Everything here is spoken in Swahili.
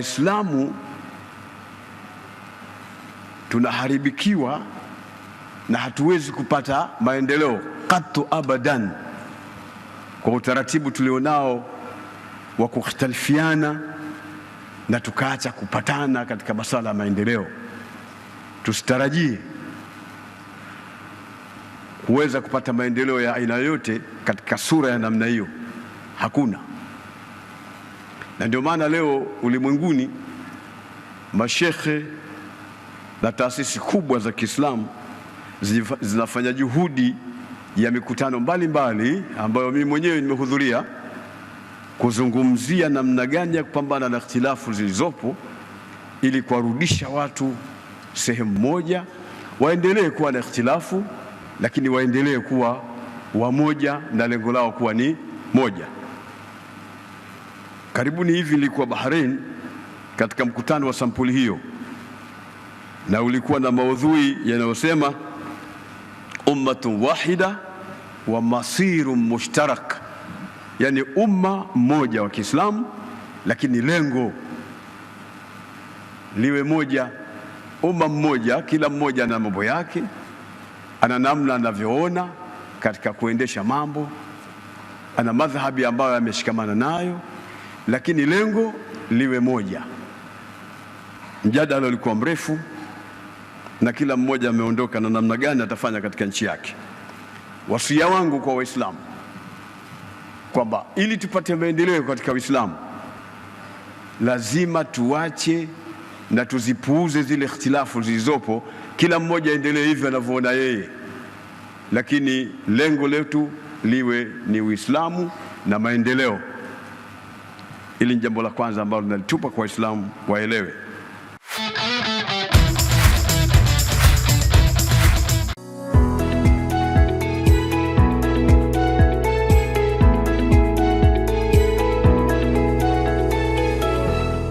Waislamu tunaharibikiwa na hatuwezi kupata maendeleo katu abadan, kwa utaratibu tulionao wa kukhtalifiana na tukaacha kupatana katika masala ya maendeleo. Tusitarajie kuweza kupata maendeleo ya aina yoyote katika sura ya namna hiyo, hakuna na ndio maana leo ulimwenguni mashekhe na taasisi kubwa za Kiislamu zinafanya juhudi ya mikutano mbalimbali mbali, ambayo mimi mwenyewe nimehudhuria kuzungumzia namna gani ya kupambana na ikhtilafu zilizopo ili kuwarudisha watu sehemu moja, waendelee kuwa na ikhtilafu lakini waendelee kuwa wamoja na lengo lao kuwa ni moja. Karibuni hivi nilikuwa Bahrain katika mkutano wa sampuli hiyo, na ulikuwa na maudhui yanayosema ummatun wahida wa masirun mushtarak, yani umma mmoja wa Kiislamu, lakini lengo liwe moja, umma mmoja, kila mmoja ana mambo yake, ana namna anavyoona katika kuendesha mambo, ana madhhabi ambayo ameshikamana nayo lakini lengo liwe moja. Mjadala ulikuwa mrefu na kila mmoja ameondoka na namna gani atafanya katika nchi yake. Wasia wangu kwa Waislamu kwamba ili tupate maendeleo katika Uislamu lazima tuache na tuzipuuze zile ikhtilafu zilizopo. Kila mmoja aendelee hivyo anavyoona yeye, lakini lengo letu liwe ni Uislamu na maendeleo. Hili ni jambo la kwanza ambalo linalitupa kwa Waislamu waelewe.